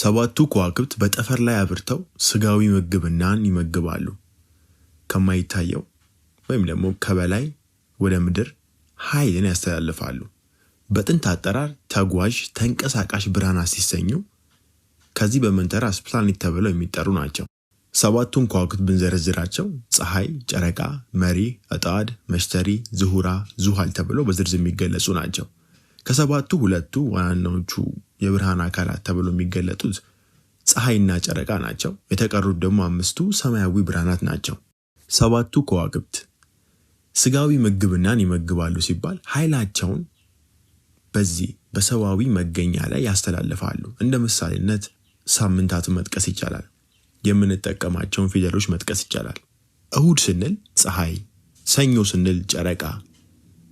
ሰባቱ ከዋክብት በጠፈር ላይ አብርተው ስጋዊ ምግብናን ይመግባሉ። ከማይታየው ወይም ደግሞ ከበላይ ወደ ምድር ኃይልን ያስተላልፋሉ። በጥንት አጠራር ተጓዥ ተንቀሳቃሽ ብርሃናት ሲሰኙ ከዚህ በመንተራስ ፕላኔት ተብለው የሚጠሩ ናቸው። ሰባቱን ከዋክብት ብንዘረዝራቸው ፀሐይ፣ ጨረቃ፣ መሪ፣ እጣድ፣ መሽተሪ፣ ዝሁራ፣ ዙሃል ተብለው በዝርዝር የሚገለጹ ናቸው። ከሰባቱ ሁለቱ ዋናዎቹ የብርሃን አካላት ተብሎ የሚገለጡት ፀሐይና ጨረቃ ናቸው። የተቀሩት ደግሞ አምስቱ ሰማያዊ ብርሃናት ናቸው። ሰባቱ ከዋክብት ስጋዊ ምግብናን ይመግባሉ ሲባል ኃይላቸውን በዚህ በሰባዊ መገኛ ላይ ያስተላልፋሉ። እንደ ምሳሌነት ሳምንታትን መጥቀስ ይቻላል። የምንጠቀማቸውን ፊደሎች መጥቀስ ይቻላል። እሁድ ስንል ፀሐይ፣ ሰኞ ስንል ጨረቃ፣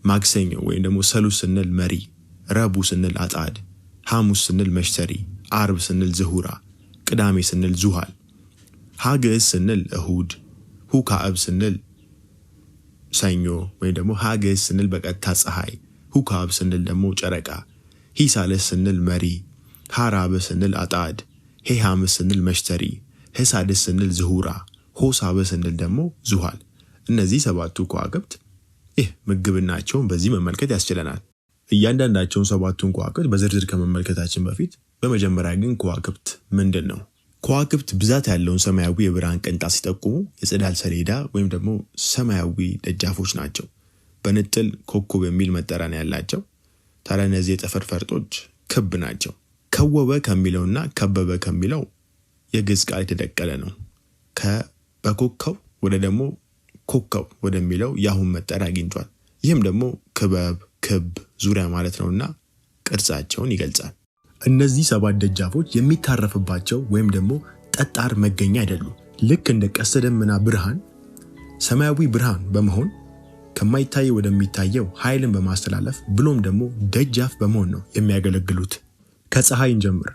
ማክሰኞ ወይም ደግሞ ሰሉስ ስንል መሪ፣ ረቡዕ ስንል አጣድ ሐሙስ ስንል መሽተሪ፣ አርብ ስንል ዝሁራ፣ ቅዳሜ ስንል ዙሃል፣ ሀግዕዝ ስንል እሁድ፣ ሁካብ ስንል ሰኞ ወይም ደግሞ ሀግዕዝ ስንል በቀጥታ ፀሐይ፣ ሁካብ ስንል ደግሞ ጨረቃ፣ ሂሳልስ ስንል መሪ፣ ሐራብ ስንል አጣድ፣ ሄሃም ስንል መሽተሪ፣ ህሳድስ ስንል ዝሁራ፣ ሆሳብ ስንል ደግሞ ዙሃል። እነዚህ ሰባቱ ከዋክብት ይህ ምግብናቸውን በዚህ መመልከት ያስችለናል። እያንዳንዳቸውን ሰባቱን ከዋክብት በዝርዝር ከመመልከታችን በፊት በመጀመሪያ ግን ከዋክብት ምንድን ነው? ከዋክብት ብዛት ያለውን ሰማያዊ የብርሃን ቅንጣት ሲጠቁሙ የጽዳል ሰሌዳ ወይም ደግሞ ሰማያዊ ደጃፎች ናቸው። በንጥል ኮከብ የሚል መጠሪያ ያላቸው። ታዲያ እነዚህ የጠፈር ፈርጦች ክብ ናቸው። ከወበ ከሚለውና ከበበ ከሚለው የግዕዝ ቃል የተደቀለ ነው። ከበኮከብ ወደ ደግሞ ኮከብ ወደሚለው የአሁን መጠሪያ አግኝቷል። ይህም ደግሞ ክበብ፣ ክብ ዙሪያ ማለት ነውና ቅርጻቸውን ይገልጻል። እነዚህ ሰባት ደጃፎች የሚታረፍባቸው ወይም ደግሞ ጠጣር መገኛ አይደሉም። ልክ እንደ ቀስተ ደመና ብርሃን ሰማያዊ ብርሃን በመሆን ከማይታየው ወደሚታየው ኃይልን በማስተላለፍ ብሎም ደግሞ ደጃፍ በመሆን ነው የሚያገለግሉት። ከፀሐይ እንጀምር።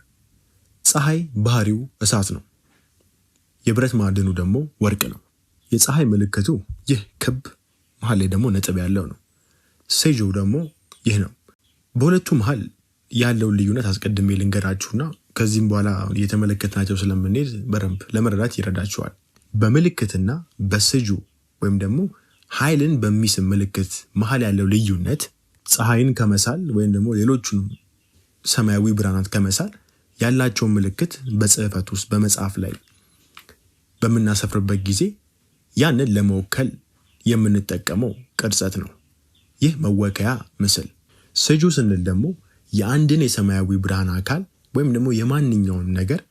ፀሐይ ባህሪው እሳት ነው። የብረት ማዕድኑ ደግሞ ወርቅ ነው። የፀሐይ ምልክቱ ይህ ክብ መሀል ላይ ደግሞ ነጥብ ያለው ነው። ሴጆ ደግሞ ይህ ነው። በሁለቱ መሀል ያለውን ልዩነት አስቀድሜ ልንገራችሁና ከዚህም በኋላ እየተመለከትናቸው ስለምንሄድ በደንብ ለመረዳት ይረዳችኋል። በምልክትና በስጁ ወይም ደግሞ ኃይልን በሚስብ ምልክት መሀል ያለው ልዩነት ፀሐይን ከመሳል ወይም ደግሞ ሌሎቹን ሰማያዊ ብርሃናት ከመሳል ያላቸውን ምልክት በጽህፈት ውስጥ በመጽሐፍ ላይ በምናሰፍርበት ጊዜ ያንን ለመወከል የምንጠቀመው ቅርጸት ነው። ይህ መወከያ ምስል ስጁ ስንል ደግሞ የአንድን የሰማያዊ ብርሃን አካል ወይም ደግሞ የማንኛውን ነገር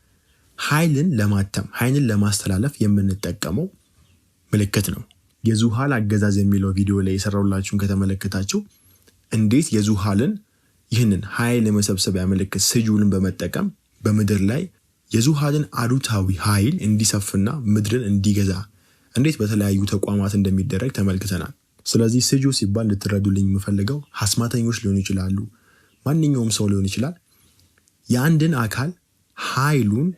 ኃይልን ለማተም ኃይልን ለማስተላለፍ የምንጠቀመው ምልክት ነው። የዙሃል አገዛዝ የሚለው ቪዲዮ ላይ የሰራሁላችሁን ከተመለከታችሁ እንዴት የዙሃልን ይህንን ኃይል የመሰብሰቢያ ምልክት ስጁልን በመጠቀም በምድር ላይ የዙሃልን አሉታዊ ኃይል እንዲሰፍና ምድርን እንዲገዛ እንዴት በተለያዩ ተቋማት እንደሚደረግ ተመልክተናል። ስለዚህ ስጁ ሲባል እንድትረዱልኝ የምፈልገው አስማተኞች ሊሆኑ ይችላሉ፣ ማንኛውም ሰው ሊሆን ይችላል። የአንድን አካል ኃይሉን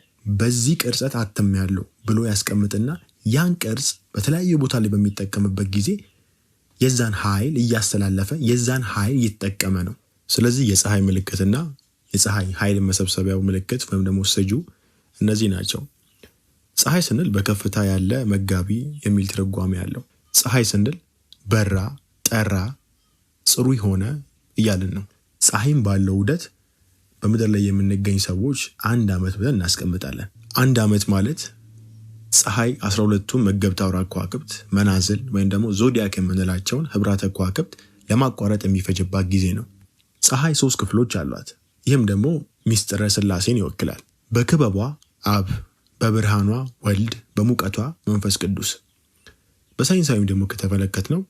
በዚህ ቅርጸት አትም ያለው ብሎ ያስቀምጥና ያን ቅርጽ በተለያየ ቦታ ላይ በሚጠቀምበት ጊዜ የዛን ኃይል እያስተላለፈ የዛን ኃይል እየተጠቀመ ነው። ስለዚህ የፀሐይ ምልክትና የፀሐይ ኃይል መሰብሰቢያው ምልክት ወይም ደግሞ ስጁ እነዚህ ናቸው። ፀሐይ ስንል በከፍታ ያለ መጋቢ የሚል ትርጓሜ ያለው። ፀሐይ ስንል በራ፣ ጠራ፣ ጽሩይ ሆነ እያልን ነው። ፀሐይም ባለው ውደት በምድር ላይ የምንገኝ ሰዎች አንድ ዓመት ብለን እናስቀምጣለን። አንድ ዓመት ማለት ፀሐይ 12ቱን መገብት አውራ ከዋክብት መናዝል ወይም ደግሞ ዞዲያክ የምንላቸውን ህብራተ ከዋክብት ለማቋረጥ የሚፈጅባት ጊዜ ነው። ፀሐይ ሶስት ክፍሎች አሏት። ይህም ደግሞ ሚስጥረ ስላሴን ይወክላል። በክበቧ አብ፣ በብርሃኗ ወልድ፣ በሙቀቷ መንፈስ ቅዱስ። በሳይንሳዊም ደግሞ ከተመለከት ነው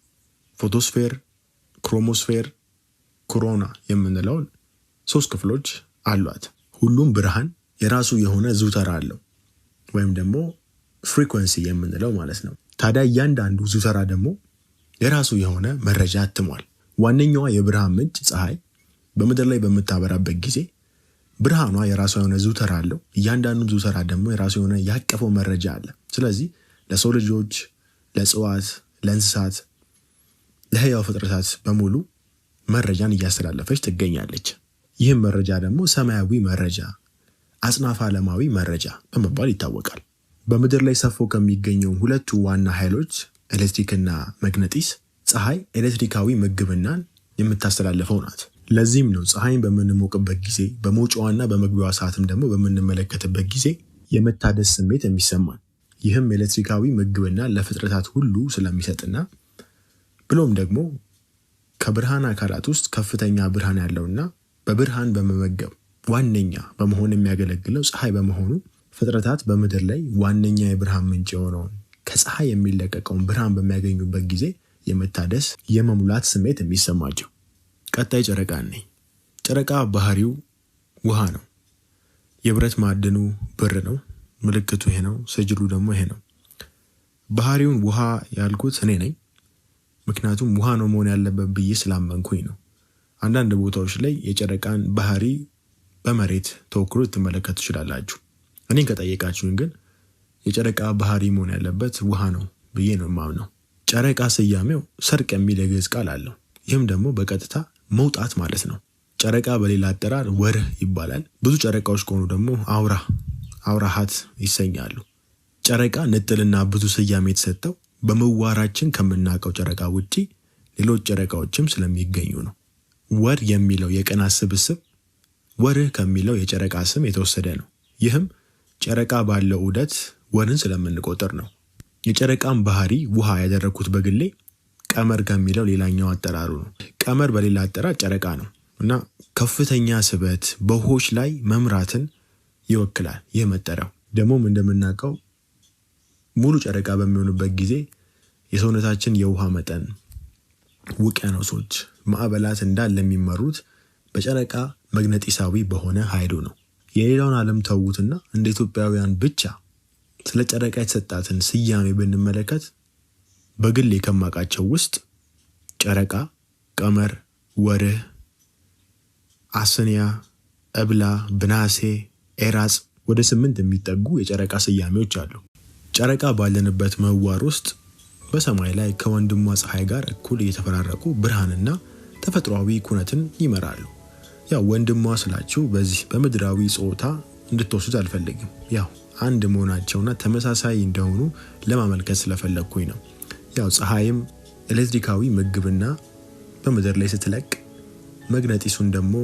ፎቶስፌር፣ ክሮሞስፌር፣ ኮሮና የምንለው ሶስት ክፍሎች አሏት። ሁሉም ብርሃን የራሱ የሆነ ዙተራ አለው ወይም ደግሞ ፍሪኩንሲ የምንለው ማለት ነው። ታዲያ እያንዳንዱ ዙተራ ደግሞ የራሱ የሆነ መረጃ አትሟል። ዋነኛዋ የብርሃን ምንጭ ፀሐይ በምድር ላይ በምታበራበት ጊዜ ብርሃኗ የራሷ የሆነ ዙተራ አለው። እያንዳንዱ ዙተራ ደግሞ የራሱ የሆነ ያቀፈው መረጃ አለ። ስለዚህ ለሰው ልጆች፣ ለእጽዋት፣ ለእንስሳት ለህያው ፍጥረታት በሙሉ መረጃን እያስተላለፈች ትገኛለች። ይህም መረጃ ደግሞ ሰማያዊ መረጃ፣ አጽናፈ ዓለማዊ መረጃ በመባል ይታወቃል። በምድር ላይ ሰፎ ከሚገኘው ሁለቱ ዋና ኃይሎች ኤሌክትሪክና መግነጢስ ፀሐይ ኤሌክትሪካዊ ምግብናን የምታስተላልፈው ናት። ለዚህም ነው ፀሐይን በምንሞቅበት ጊዜ በመውጫዋና በመግቢዋ ሰዓትም ደግሞ በምንመለከትበት ጊዜ የመታደስ ስሜት የሚሰማን ይህም ኤሌክትሪካዊ ምግብና ለፍጥረታት ሁሉ ስለሚሰጥና ብሎም ደግሞ ከብርሃን አካላት ውስጥ ከፍተኛ ብርሃን ያለውና በብርሃን በመመገብ ዋነኛ በመሆን የሚያገለግለው ፀሐይ በመሆኑ ፍጥረታት በምድር ላይ ዋነኛ የብርሃን ምንጭ የሆነውን ከፀሐይ የሚለቀቀውን ብርሃን በሚያገኙበት ጊዜ የመታደስ የመሙላት ስሜት የሚሰማቸው። ቀጣይ ጨረቃ ነኝ። ጨረቃ ባህሪው ውሃ ነው። የብረት ማዕድኑ ብር ነው። ምልክቱ ይሄ ነው። ስጅሉ ደግሞ ይሄ ነው። ባህሪውን ውሃ ያልኩት እኔ ነኝ። ምክንያቱም ውሃ ነው መሆን ያለበት ብዬ ስላመንኩኝ ነው። አንዳንድ ቦታዎች ላይ የጨረቃን ባህሪ በመሬት ተወክሮ ልትመለከቱ ትችላላችሁ። እኔን ከጠየቃችሁን ግን የጨረቃ ባህሪ መሆን ያለበት ውሃ ነው ብዬ ነው የማምነው። ጨረቃ ስያሜው ሰርቅ የሚል የግዕዝ ቃል አለው። ይህም ደግሞ በቀጥታ መውጣት ማለት ነው። ጨረቃ በሌላ አጠራር ወርህ ይባላል። ብዙ ጨረቃዎች ከሆኑ ደግሞ አውራ አውራሃት ይሰኛሉ። ጨረቃ ንጥልና ብዙ ስያሜ የተሰጠው በምህዋራችን ከምናውቀው ጨረቃ ውጪ ሌሎች ጨረቃዎችም ስለሚገኙ ነው። ወር የሚለው የቀናት ስብስብ ወርህ ከሚለው የጨረቃ ስም የተወሰደ ነው። ይህም ጨረቃ ባለው ዑደት ወርን ስለምንቆጥር ነው። የጨረቃን ባህሪ ውሃ ያደረግኩት በግሌ ቀመር ከሚለው ሌላኛው አጠራሩ ነው። ቀመር በሌላ አጠራር ጨረቃ ነው እና ከፍተኛ ስበት በውሆች ላይ መምራትን ይወክላል። ይህ መጠሪያው ደግሞም እንደምናውቀው ሙሉ ጨረቃ በሚሆኑበት ጊዜ የሰውነታችን የውሃ መጠን ውቅያኖሶች፣ ማዕበላት እንዳለ የሚመሩት በጨረቃ መግነጢሳዊ በሆነ ኃይሉ ነው። የሌላውን ዓለም ተዉትና እንደ ኢትዮጵያውያን ብቻ ስለ ጨረቃ የተሰጣትን ስያሜ ብንመለከት በግል የከማቃቸው ውስጥ ጨረቃ፣ ቀመር፣ ወርህ፣ አስንያ፣ እብላ፣ ብናሴ፣ ኤራጽ ወደ ስምንት የሚጠጉ የጨረቃ ስያሜዎች አሉ። ጨረቃ ባለንበት መዋር ውስጥ በሰማይ ላይ ከወንድሟ ፀሐይ ጋር እኩል እየተፈራረቁ ብርሃንና ተፈጥሯዊ ኩነትን ይመራሉ። ያው ወንድሟ ስላችሁ በዚህ በምድራዊ ጾታ እንድትወስድ አልፈልግም። ያው አንድ መሆናቸውና ተመሳሳይ እንደሆኑ ለማመልከት ስለፈለግኩኝ ነው። ያው ፀሐይም ኤሌክትሪካዊ ምግብና በምድር ላይ ስትለቅ መግነጢሱን ደግሞ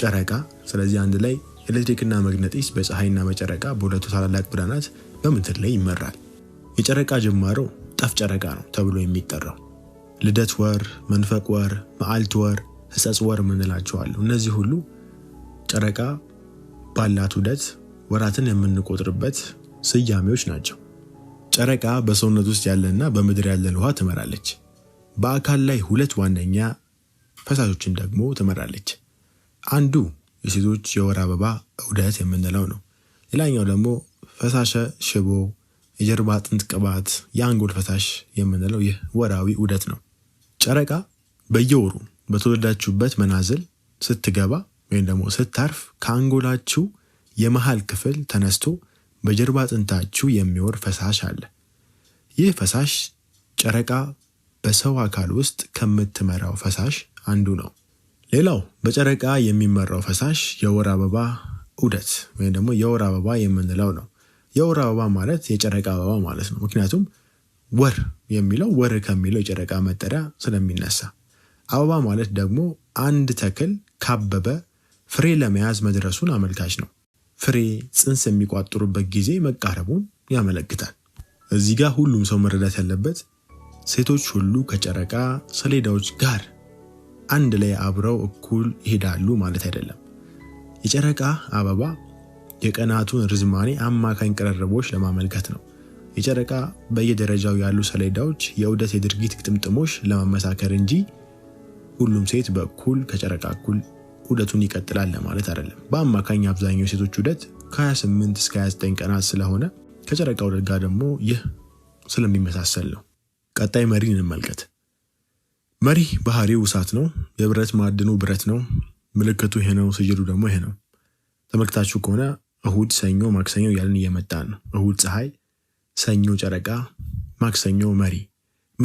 ጨረቃ፣ ስለዚህ አንድ ላይ ኤሌክትሪክና መግነጢስ በፀሐይና በጨረቃ በሁለቱ ታላላቅ ብርሃናት በምድር ላይ ይመራል። የጨረቃ ጅማሮ ጠፍ ጨረቃ ነው ተብሎ የሚጠራው። ልደት ወር፣ መንፈቅ ወር፣ መዓልት ወር፣ ሕጸጽ ወር የምንላቸው አሉ። እነዚህ ሁሉ ጨረቃ ባላት ውደት ወራትን የምንቆጥርበት ስያሜዎች ናቸው። ጨረቃ በሰውነት ውስጥ ያለና በምድር ያለን ውሃ ትመራለች። በአካል ላይ ሁለት ዋነኛ ፈሳሾችን ደግሞ ትመራለች። አንዱ የሴቶች የወር አበባ እውደት የምንለው ነው። ሌላኛው ደግሞ ፈሳሸ ሽቦ፣ የጀርባ አጥንት ቅባት፣ የአንጎል ፈሳሽ የምንለው ይህ ወራዊ እውደት ነው። ጨረቃ በየወሩ በተወለዳችሁበት መናዝል ስትገባ ወይም ደግሞ ስታርፍ ከአንጎላችሁ የመሃል ክፍል ተነስቶ በጀርባ አጥንታችሁ የሚወር ፈሳሽ አለ። ይህ ፈሳሽ ጨረቃ በሰው አካል ውስጥ ከምትመራው ፈሳሽ አንዱ ነው። ሌላው በጨረቃ የሚመራው ፈሳሽ የወር አበባ ዑደት ወይም ደግሞ የወር አበባ የምንለው ነው። የወር አበባ ማለት የጨረቃ አበባ ማለት ነው። ምክንያቱም ወር የሚለው ወር ከሚለው የጨረቃ መጠሪያ ስለሚነሳ፣ አበባ ማለት ደግሞ አንድ ተክል ካበበ ፍሬ ለመያዝ መድረሱን አመልካች ነው። ፍሬ ጽንስ የሚቋጥሩበት ጊዜ መቃረቡን ያመለክታል። እዚህ ጋር ሁሉም ሰው መረዳት ያለበት ሴቶች ሁሉ ከጨረቃ ሰሌዳዎች ጋር አንድ ላይ አብረው እኩል ይሄዳሉ ማለት አይደለም። የጨረቃ አበባ የቀናቱን ርዝማኔ አማካኝ ቅርርቦች ለማመልከት ነው። የጨረቃ በየደረጃው ያሉ ሰሌዳዎች የዑደት የድርጊት ግጥምጥሞች ለማመሳከር እንጂ ሁሉም ሴት በኩል ከጨረቃ እኩል ዑደቱን ይቀጥላል ለማለት አይደለም። በአማካኝ አብዛኛው ሴቶች ዑደት ከ28 እስከ 29 ቀናት ስለሆነ ከጨረቃ ዑደት ጋር ደግሞ ይህ ስለሚመሳሰል ነው። ቀጣይ መሪን እንመልከት። መሪ ባህሪው እሳት ነው። የብረት ማዕድኑ ብረት ነው። ምልክቱ ይሄ ነው። ስጅሉ ደግሞ ይሄ ነው። ተመልክታችሁ ከሆነ እሁድ፣ ሰኞ፣ ማክሰኞ እያልን እየመጣን ነው። እሁድ ፀሐይ፣ ሰኞ ጨረቃ፣ ማክሰኞ መሪ።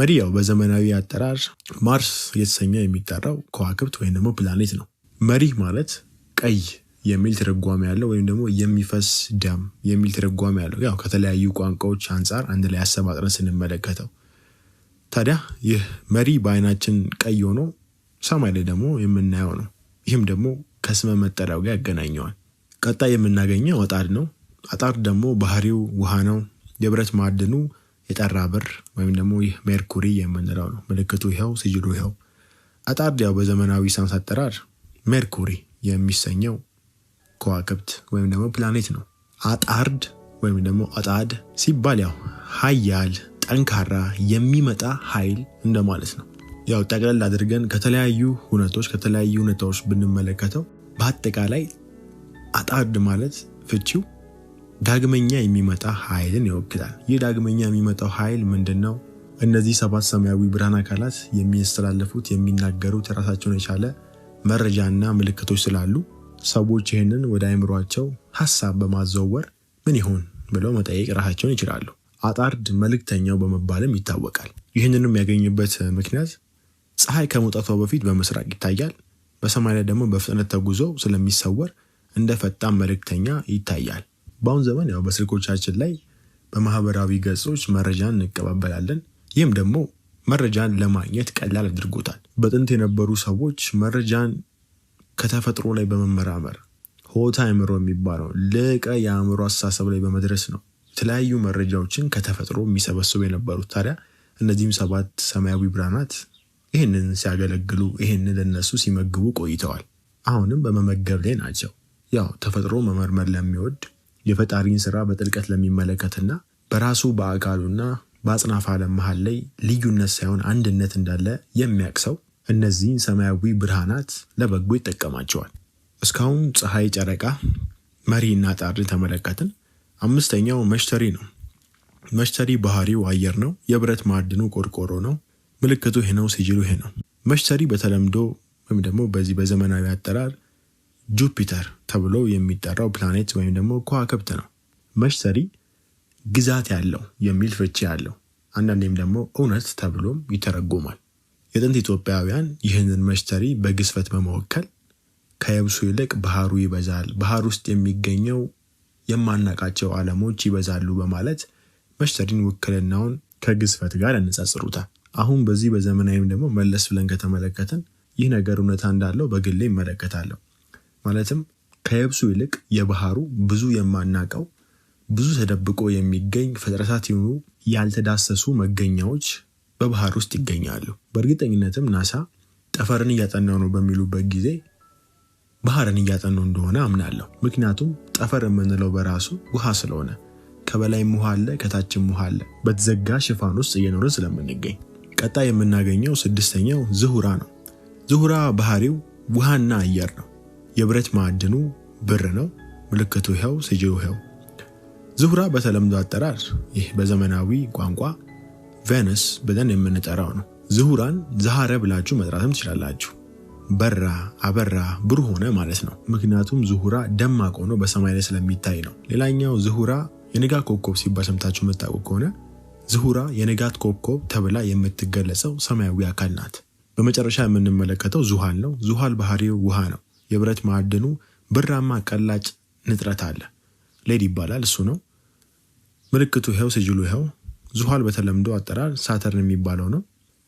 መሪ ያው በዘመናዊ አጠራር ማርስ እየተሰኘ የሚጠራው ከዋክብት ወይም ደግሞ ፕላኔት ነው። መሪ ማለት ቀይ የሚል ትርጓሜ ያለው ወይም ደግሞ የሚፈስ ደም የሚል ትርጓሜ ያለው ያው ከተለያዩ ቋንቋዎች አንጻር አንድ ላይ አሰባጥረን ስንመለከተው ታዲያ ይህ መሪ በአይናችን ቀይ ሆኖ ሰማይ ላይ ደግሞ የምናየው ነው። ይህም ደግሞ ከስመ መጠሪያው ጋር ያገናኘዋል። ቀጣይ የምናገኘው አጣድ ነው። አጣድ ደግሞ ባህሪው ውሃ ነው። የብረት ማዕድኑ የጠራ ብር ወይም ደግሞ ይህ ሜርኩሪ የምንለው ነው። ምልክቱ ይኸው፣ ሲጅሉ ይኸው። አጣድ ያው በዘመናዊ ሳይንስ አጠራር ሜርኩሪ የሚሰኘው ከዋክብት ወይም ደግሞ ፕላኔት ነው። አጣርድ ወይም ደግሞ አጣድ ሲባል ያው ሀያል ጠንካራ የሚመጣ ኃይል እንደማለት ነው። ያው ጠቅለል አድርገን ከተለያዩ ሁነቶች ከተለያዩ ሁኔታዎች ብንመለከተው በአጠቃላይ አጣድ ማለት ፍቺው ዳግመኛ የሚመጣ ኃይልን ይወክላል። ይህ ዳግመኛ የሚመጣው ኃይል ምንድን ነው? እነዚህ ሰባት ሰማያዊ ብርሃን አካላት የሚያስተላልፉት የሚናገሩት የራሳቸውን የቻለ መረጃና ምልክቶች ስላሉ ሰዎች ይህንን ወደ አይምሯቸው ሀሳብ በማዘወር ምን ይሆን ብለው መጠየቅ ራሳቸውን ይችላሉ። አጣርድ መልእክተኛው በመባልም ይታወቃል። ይህንንም ያገኝበት ምክንያት ፀሐይ ከመውጣቷ በፊት በምስራቅ ይታያል፣ በሰማይ ላይ ደግሞ በፍጥነት ተጉዞ ስለሚሰወር እንደ ፈጣን መልእክተኛ ይታያል። በአሁን ዘመን ያው በስልኮቻችን ላይ በማህበራዊ ገጾች መረጃን እንቀባበላለን። ይህም ደግሞ መረጃን ለማግኘት ቀላል አድርጎታል። በጥንት የነበሩ ሰዎች መረጃን ከተፈጥሮ ላይ በመመራመር ሆታ አእምሮ የሚባለው ልቀ የአእምሮ አስተሳሰብ ላይ በመድረስ ነው የተለያዩ መረጃዎችን ከተፈጥሮ የሚሰበስቡ የነበሩት። ታዲያ እነዚህም ሰባት ሰማያዊ ብርሃናት ይህንን ሲያገለግሉ፣ ይህንን ለነሱ ሲመግቡ ቆይተዋል። አሁንም በመመገብ ላይ ናቸው። ያው ተፈጥሮ መመርመር ለሚወድ የፈጣሪን ስራ በጥልቀት ለሚመለከትና በራሱ በአካሉና በአጽናፈ ዓለም መሀል ላይ ልዩነት ሳይሆን አንድነት እንዳለ የሚያውቅ ሰው እነዚህን ሰማያዊ ብርሃናት ለበጎ ይጠቀማቸዋል። እስካሁን ፀሐይ፣ ጨረቃ፣ መሪና ጣር ተመለከትን። አምስተኛው መሽተሪ ነው። መሽተሪ ባህሪው አየር ነው። የብረት ማዕድኑ ቆርቆሮ ነው። ምልክቱ ይሄ ነው፣ ሲጅሉ ይሄ ነው። መሽተሪ በተለምዶ ወይም ደግሞ በዚህ በዘመናዊ አጠራር ጁፒተር ተብሎ የሚጠራው ፕላኔት ወይም ደግሞ ከዋክብት ነው። መሽተሪ ግዛት ያለው የሚል ፍቺ ያለው አንዳንዴም ደግሞ እውነት ተብሎም ይተረጎማል። የጥንት ኢትዮጵያውያን ይህንን መሽተሪ በግዝፈት በመወከል ከየብሱ ይልቅ ባህሩ ይበዛል፣ ባህር ውስጥ የሚገኘው የማናቃቸው ዓለሞች ይበዛሉ በማለት መሽተሪን ውክልናውን ከግዝፈት ጋር ያነጻጽሩታል። አሁን በዚህ በዘመናዊም ደግሞ መለስ ብለን ከተመለከትን ይህ ነገር እውነታ እንዳለው በግሌ ይመለከታለሁ። ማለትም ከየብሱ ይልቅ የባህሩ ብዙ የማናቀው ብዙ ተደብቆ የሚገኝ ፍጥረታት የሆኑ ያልተዳሰሱ መገኛዎች በባህር ውስጥ ይገኛሉ። በእርግጠኝነትም ናሳ ጠፈርን እያጠናው ነው በሚሉበት ጊዜ ባህርን እያጠኑ እንደሆነ አምናለሁ። ምክንያቱም ጠፈር የምንለው በራሱ ውሃ ስለሆነ ከበላይም ውሃ አለ፣ ከታችም ውሃ አለ። በተዘጋ ሽፋን ውስጥ እየኖረ ስለምንገኝ ቀጣይ የምናገኘው ስድስተኛው ዝሁራ ነው። ዝሁራ ባህሪው ውሃና አየር ነው። የብረት ማዕድኑ ብር ነው። ምልክቱ ይኸው ስጅ ይኸው። ዝሁራ በተለምዶ አጠራር ይህ በዘመናዊ ቋንቋ ቬነስ ብለን የምንጠራው ነው። ዝሁራን ዛሃረ ብላችሁ መጥራትም ትችላላችሁ። በራ አበራ ብሩህ ሆነ ማለት ነው። ምክንያቱም ዝሁራ ደማቅ ሆኖ በሰማይ ላይ ስለሚታይ ነው። ሌላኛው ዝሁራ የንጋት ኮከብ ሲባል ሰምታችሁ መታወቅ ከሆነ ዝሁራ የንጋት ኮከብ ተብላ የምትገለጸው ሰማያዊ አካል ናት። በመጨረሻ የምንመለከተው ዙሃል ነው። ዙሃል ባህሪው ውሃ ነው። የብረት ማዕድኑ ብራማ ቀላጭ ንጥረት አለ። ሌድ ይባላል እሱ ነው። ምልክቱ ይኸው፣ ስጅሉ ይኸው። ዙሃል በተለምዶ አጠራር ሳተርን የሚባለው ነው።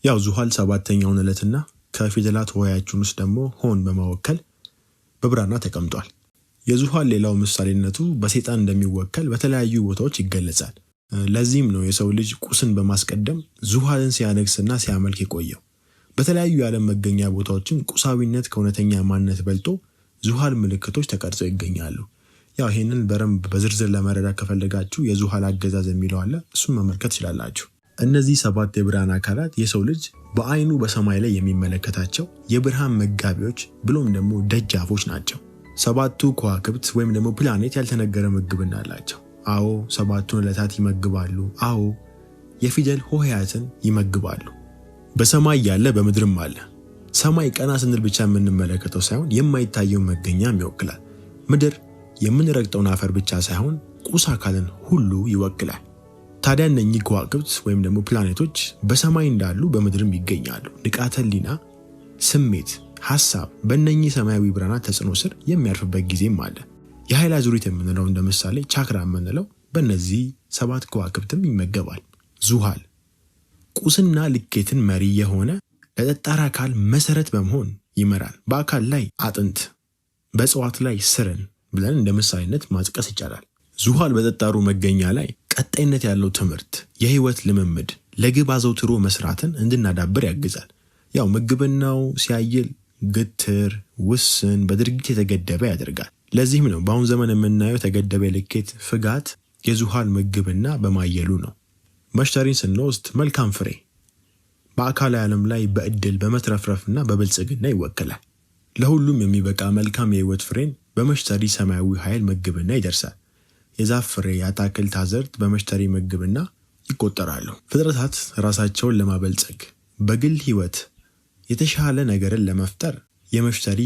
ያው ዙሃል ሰባተኛውን ዕለትና ከፊደላት ወያችን ውስጥ ደግሞ ሆን በመወከል በብራና ተቀምጧል። የዙሃን ሌላው ምሳሌነቱ በሴጣን እንደሚወከል በተለያዩ ቦታዎች ይገለጻል። ለዚህም ነው የሰው ልጅ ቁስን በማስቀደም ዙኋልን ሲያነግስና ሲያመልክ የቆየው። በተለያዩ የዓለም መገኛ ቦታዎችም ቁሳዊነት ከእውነተኛ ማንነት በልጦ ዙሃል ምልክቶች ተቀርጸው ይገኛሉ። ያው ይህንን በረንብ በዝርዝር ለመረዳት ከፈለጋችሁ የዙሃል አገዛዝ የሚለው አለ፣ መመልከት ትችላላችሁ። እነዚህ ሰባት የብርሃን አካላት የሰው ልጅ በአይኑ በሰማይ ላይ የሚመለከታቸው የብርሃን መጋቢዎች ብሎም ደግሞ ደጃፎች ናቸው። ሰባቱ ከዋክብት ወይም ደግሞ ፕላኔት ያልተነገረ ምግብና አላቸው። አዎ ሰባቱን ዕለታት ይመግባሉ። አዎ የፊደል ሆሄያትን ይመግባሉ። በሰማይ ያለ በምድርም አለ። ሰማይ ቀና ስንል ብቻ የምንመለከተው ሳይሆን የማይታየውን መገኛም ይወክላል። ምድር የምንረግጠውን አፈር ብቻ ሳይሆን ቁስ አካልን ሁሉ ይወክላል። ታዲያ እነኚህ ከዋክብት ወይም ደግሞ ፕላኔቶች በሰማይ እንዳሉ በምድርም ይገኛሉ። ንቃተ ሊና ስሜት፣ ሀሳብ በእነኚህ ሰማያዊ ብራና ተጽዕኖ ስር የሚያርፍበት ጊዜም አለ። የኃይል አዙሪት የምንለው እንደ ምሳሌ ቻክራ የምንለው በእነዚህ ሰባት ከዋክብትም ይመገባል። ዙሃል ቁስና ልኬትን መሪ የሆነ ለጠጣር አካል መሰረት በመሆን ይመራል። በአካል ላይ አጥንት፣ በእጽዋት ላይ ስርን ብለን እንደ ምሳሌነት ማጥቀስ ይቻላል። ዙሃል በጠጣሩ መገኛ ላይ ቀጣይነት ያለው ትምህርት፣ የህይወት ልምምድ፣ ለግብ አዘውትሮ መስራትን እንድናዳብር ያግዛል። ያው ምግብናው ሲያይል ግትር፣ ውስን፣ በድርጊት የተገደበ ያደርጋል። ለዚህም ነው በአሁን ዘመን የምናየው የተገደበ ልኬት ፍጋት የዙኋል ምግብና በማየሉ ነው። መሽተሪን ስንወስድ መልካም ፍሬ በአካላዊ ዓለም ላይ በእድል በመትረፍረፍና በብልጽግና ይወክላል። ለሁሉም የሚበቃ መልካም የህይወት ፍሬን በመሽተሪ ሰማያዊ ኃይል ምግብና ይደርሳል። የዛፍ ፍሬ፣ የአታክልት አዝርዕት በመሽተሪ ምግብና ይቆጠራሉ። ፍጥረታት ራሳቸውን ለማበልጸግ በግል ህይወት የተሻለ ነገርን ለመፍጠር የመሽተሪ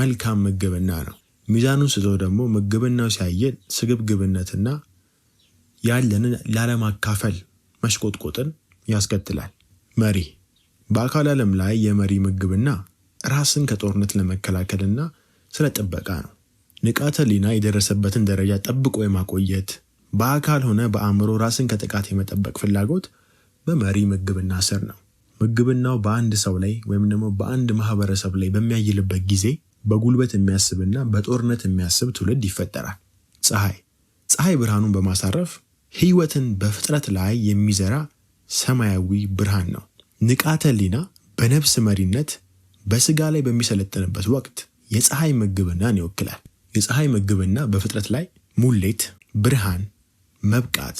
መልካም ምግብና ነው። ሚዛኑን ስቶ ደግሞ ምግብናው ሲያየን ስግብግብነትና ያለንን ላለማካፈል መሽቆጥቆጥን ያስከትላል። መሪ በአካል ዓለም ላይ የመሪ ምግብና ራስን ከጦርነት ለመከላከልና ስለ ጥበቃ ነው። ንቃተ ሊና የደረሰበትን ደረጃ ጠብቆ የማቆየት በአካል ሆነ በአእምሮ ራስን ከጥቃት የመጠበቅ ፍላጎት በመሪ ምግብና ስር ነው። ምግብናው በአንድ ሰው ላይ ወይም ደግሞ በአንድ ማህበረሰብ ላይ በሚያይልበት ጊዜ በጉልበት የሚያስብና በጦርነት የሚያስብ ትውልድ ይፈጠራል። ፀሐይ ፀሐይ ብርሃኑን በማሳረፍ ህይወትን በፍጥረት ላይ የሚዘራ ሰማያዊ ብርሃን ነው። ንቃተ ሊና በነፍስ መሪነት በስጋ ላይ በሚሰለጥንበት ወቅት የፀሐይ ምግብናን ይወክላል። የፀሐይ ምግብና በፍጥረት ላይ ሙሌት፣ ብርሃን፣ መብቃት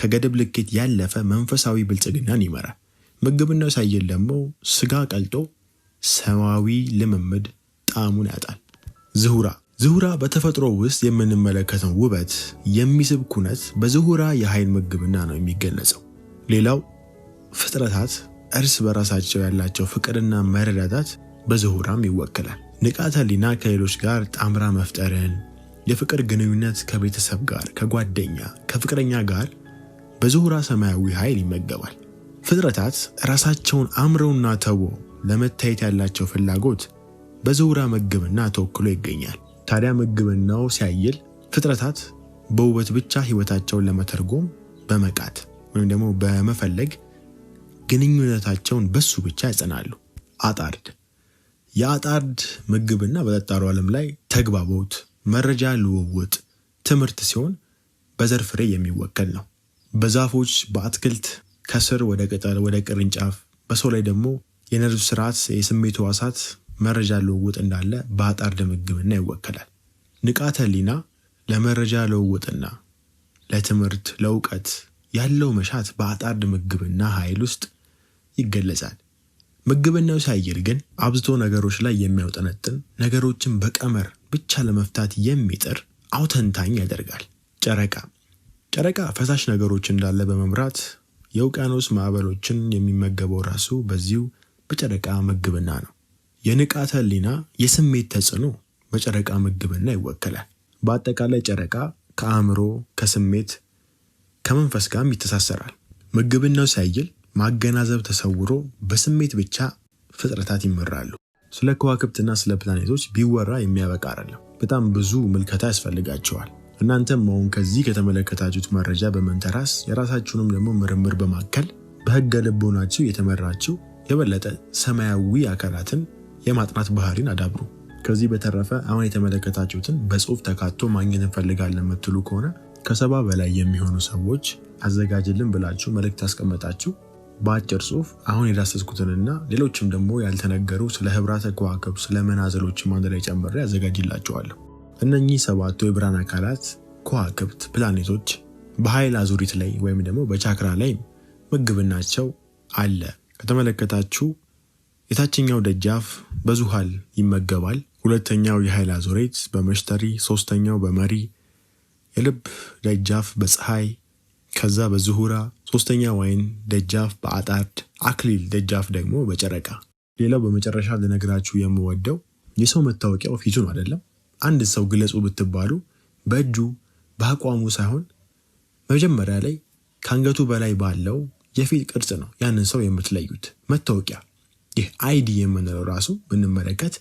ከገደብ ልኬት ያለፈ መንፈሳዊ ብልጽግናን ይመራል። ምግብናው ሳየን ደግሞ ስጋ ቀልጦ ሰማያዊ ልምምድ ጣዕሙን ያጣል። ዝሁራ ዝሁራ በተፈጥሮ ውስጥ የምንመለከተው ውበት የሚስብ ኩነት በዝሁራ የኃይል ምግብና ነው የሚገለጸው። ሌላው ፍጥረታት እርስ በራሳቸው ያላቸው ፍቅርና መረዳዳት በዝሁራም ይወክላል። ንቃተ ህሊና ከሌሎች ጋር ጣምራ መፍጠርን፣ የፍቅር ግንኙነት ከቤተሰብ ጋር፣ ከጓደኛ፣ ከፍቅረኛ ጋር በዙሁራ ሰማያዊ ኃይል ይመገባል። ፍጥረታት ራሳቸውን አምረውና ተቦ ለመታየት ያላቸው ፍላጎት በዙሁራ ምግብና ተወክሎ ይገኛል። ታዲያ ምግብናው ሲያይል ፍጥረታት በውበት ብቻ ህይወታቸውን ለመተርጎም በመቃት ወይም ደግሞ በመፈለግ ግንኙነታቸውን በሱ ብቻ ያጸናሉ። አጣርድ የአጣርድ ምግብና በጠጣሩ ዓለም ላይ ተግባቦት፣ መረጃ ልውውጥ፣ ትምህርት ሲሆን በዘር ፍሬ የሚወከል ነው። በዛፎች በአትክልት ከስር ወደ ቅጠል ወደ ቅርንጫፍ፣ በሰው ላይ ደግሞ የነርቭ ስርዓት የስሜት ዋሳት መረጃ ልውውጥ እንዳለ በአጣርድ ምግብና ይወከላል። ንቃተ ህሊና ለመረጃ ልውውጥና ለትምህርት ለእውቀት ያለው መሻት በአጣርድ ምግብና ኃይል ውስጥ ይገለጻል። ምግብናው ሳይል ግን አብዝቶ ነገሮች ላይ የሚያውጠነጥን ነገሮችን በቀመር ብቻ ለመፍታት የሚጥር አውተንታኝ ያደርጋል። ጨረቃ ጨረቃ ፈሳሽ ነገሮች እንዳለ በመምራት የውቅያኖስ ማዕበሎችን የሚመገበው ራሱ በዚሁ በጨረቃ ምግብና ነው። የንቃተ ህሊና የስሜት ተጽዕኖ በጨረቃ ምግብና ይወከላል። በአጠቃላይ ጨረቃ ከአእምሮ፣ ከስሜት፣ ከመንፈስ ጋርም ይተሳሰራል። ምግብናው ሳይል ማገናዘብ ተሰውሮ በስሜት ብቻ ፍጥረታት ይመራሉ። ስለ ከዋክብትና ስለ ፕላኔቶች ቢወራ የሚያበቃ አይደለም። በጣም ብዙ ምልከታ ያስፈልጋቸዋል። እናንተም አሁን ከዚህ ከተመለከታችሁት መረጃ በመንተራስ የራሳችሁንም ደግሞ ምርምር በማከል በህገ ልቦናችሁ የተመራችሁ የበለጠ ሰማያዊ አካላትን የማጥናት ባህሪን አዳብሩ። ከዚህ በተረፈ አሁን የተመለከታችሁትን በጽሁፍ ተካቶ ማግኘት እንፈልጋለን የምትሉ ከሆነ ከሰባ በላይ የሚሆኑ ሰዎች አዘጋጅልን ብላችሁ መልእክት አስቀመጣችሁ በአጭር ጽሁፍ አሁን የዳሰስኩትንና ሌሎችም ደግሞ ያልተነገሩ ስለ ህብራተ ከዋክብ ስለ መናዘሎችም አንድ ላይ ጨምሬ ያዘጋጅላቸዋለሁ። እነኚህ ሰባቱ የብርሃን አካላት ከዋክብት፣ ፕላኔቶች በኃይል አዙሪት ላይ ወይም ደግሞ በቻክራ ላይ ምግብናቸው አለ። ከተመለከታችሁ የታችኛው ደጃፍ በዙሃል ይመገባል። ሁለተኛው የኃይል አዙሪት በመሽተሪ፣ ሶስተኛው በመሪ የልብ ደጃፍ በፀሐይ ከዛ በዝሁራ ሶስተኛ ወይን ደጃፍ በአጣድ አክሊል ደጃፍ ደግሞ በጨረቃ። ሌላው በመጨረሻ ልነግራችሁ የምወደው የሰው መታወቂያው ፊቱ ነው አይደለም። አንድ ሰው ግለጹ ብትባሉ በእጁ በአቋሙ ሳይሆን መጀመሪያ ላይ ከአንገቱ በላይ ባለው የፊት ቅርጽ ነው ያንን ሰው የምትለዩት። መታወቂያ ይህ አይዲ የምንለው ራሱ ብንመለከት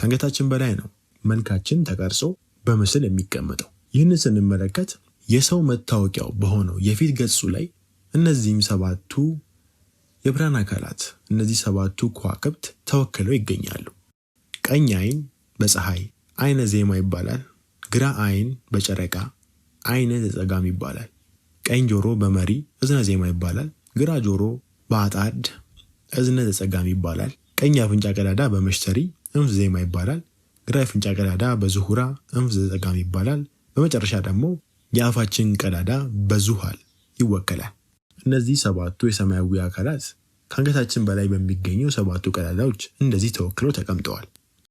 ከአንገታችን በላይ ነው መልካችን ተቀርጾ በምስል የሚቀመጠው። ይህንን ስንመለከት የሰው መታወቂያው በሆነው የፊት ገጹ ላይ እነዚህም ሰባቱ የብርሃን አካላት እነዚህ ሰባቱ ከዋክብት ተወክለው ይገኛሉ። ቀኝ አይን በፀሐይ አይነ ዜማ ይባላል። ግራ አይን በጨረቃ አይነ ተጸጋም ይባላል። ቀኝ ጆሮ በመሪ እዝነ ዜማ ይባላል። ግራ ጆሮ በአጣድ እዝነ ተጸጋም ይባላል። ቀኝ አፍንጫ ቀዳዳ በመሽተሪ እንፍ ዜማ ይባላል። ግራ አፍንጫ ቀዳዳ በዝሁራ እንፍ ተጸጋም ይባላል። በመጨረሻ ደግሞ የአፋችን ቀዳዳ በዙሃል ይወከላል። እነዚህ ሰባቱ የሰማያዊ አካላት ከአንገታችን በላይ በሚገኙ ሰባቱ ቀዳዳዎች እንደዚህ ተወክለው ተቀምጠዋል።